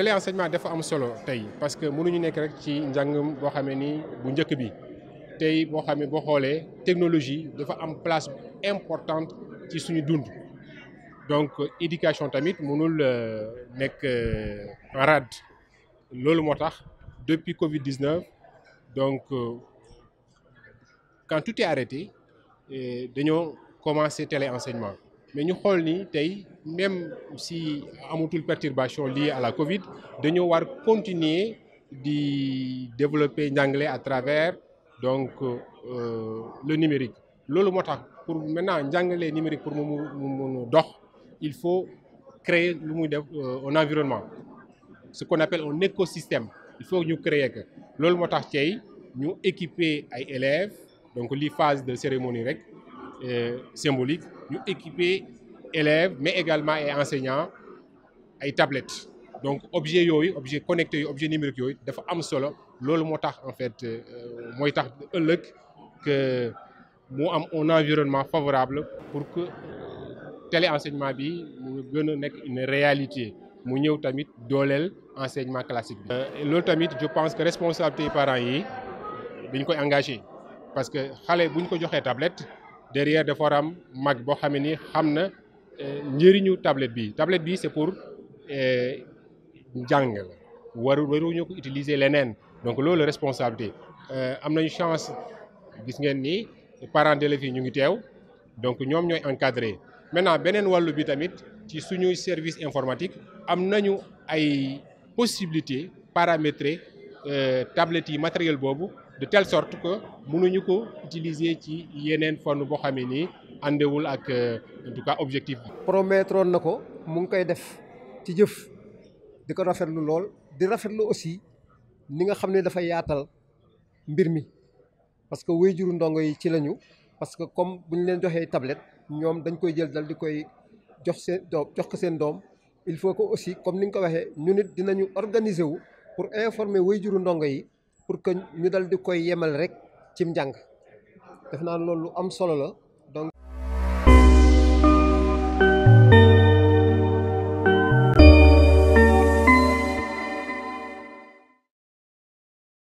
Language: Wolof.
Les dafa am solo parce que nous nekk rek ci njàngam boo xamee ni bu njëkk bi tey boo xamee technologie dafa am place importante ci suñu dund donc éducation tamit mënul euh, nekk euh, rade loolu moo depuis Covid 19 donc euh, quand tout est arrêté avons commencé télé-enseignement mais nous même ni tey même si amatul perturbation liée à la Covid nous war continuer de développer l'anglais à travers donc euh, le numérique le pour maintenant l'anglais numérique pour nous, il faut créer euh, un environnement ce qu'on appelle un écosystème il faut ñu créer que loolu moo tax tey ñu équiper ay élèves donc les phase de cérémonie euh, symbolique nous équiper élèves mais également les enseignants des tablettes donc objet yooyu objet connecté objets objet numérique yooyu dafa am solo loolu en fait euh, mooy tax que un environnement favorable pour que euh, tel enseignement mu nous une réalité mu ñëw tamit dooleel enseignement classique bi. loolu tamit je pense que responsabilité parents yi dañ engagé parce que xale bu ñu ko des tablettes derrière le forum, mag bo xam ne ni xam eh, tablette bi tablette bi c'est pour eh, njàng la waru ñu ko utiliser leneen donc la responsabilité eh, am une chance gis ngeen ni parents d'élèves ñu ngi tew donc ñom ñoy encadrer maintenant benen walu bi tamit ci suñuy service informatique Nous avons ay possibilité paramétrer tablette yi matériel bobu de telle sorte que mënuñu ko utiliser ci yenen fond bo xamé ni nii àndewul ak euh, en tout cas objectif bi. promettre woon na mu ngi koy def ci jëf di ko rafetlu lool di rafetlu aussi ni nga xamné dafa yaatal mbir mi parce que wayjuru ndongo yi ci lañu parce que comme bu ñu leen joxee tablette ñom dañ koy jël dal di koy jox seen doom jox ko sen dom il faut que aussi comme ni nga ko waxé ñu nit dinañu organiser wu pour informer wayjuru ndongo yi. pour que ñu dal di koy yemal rek cim njàng def naa loolu lu am solo la donc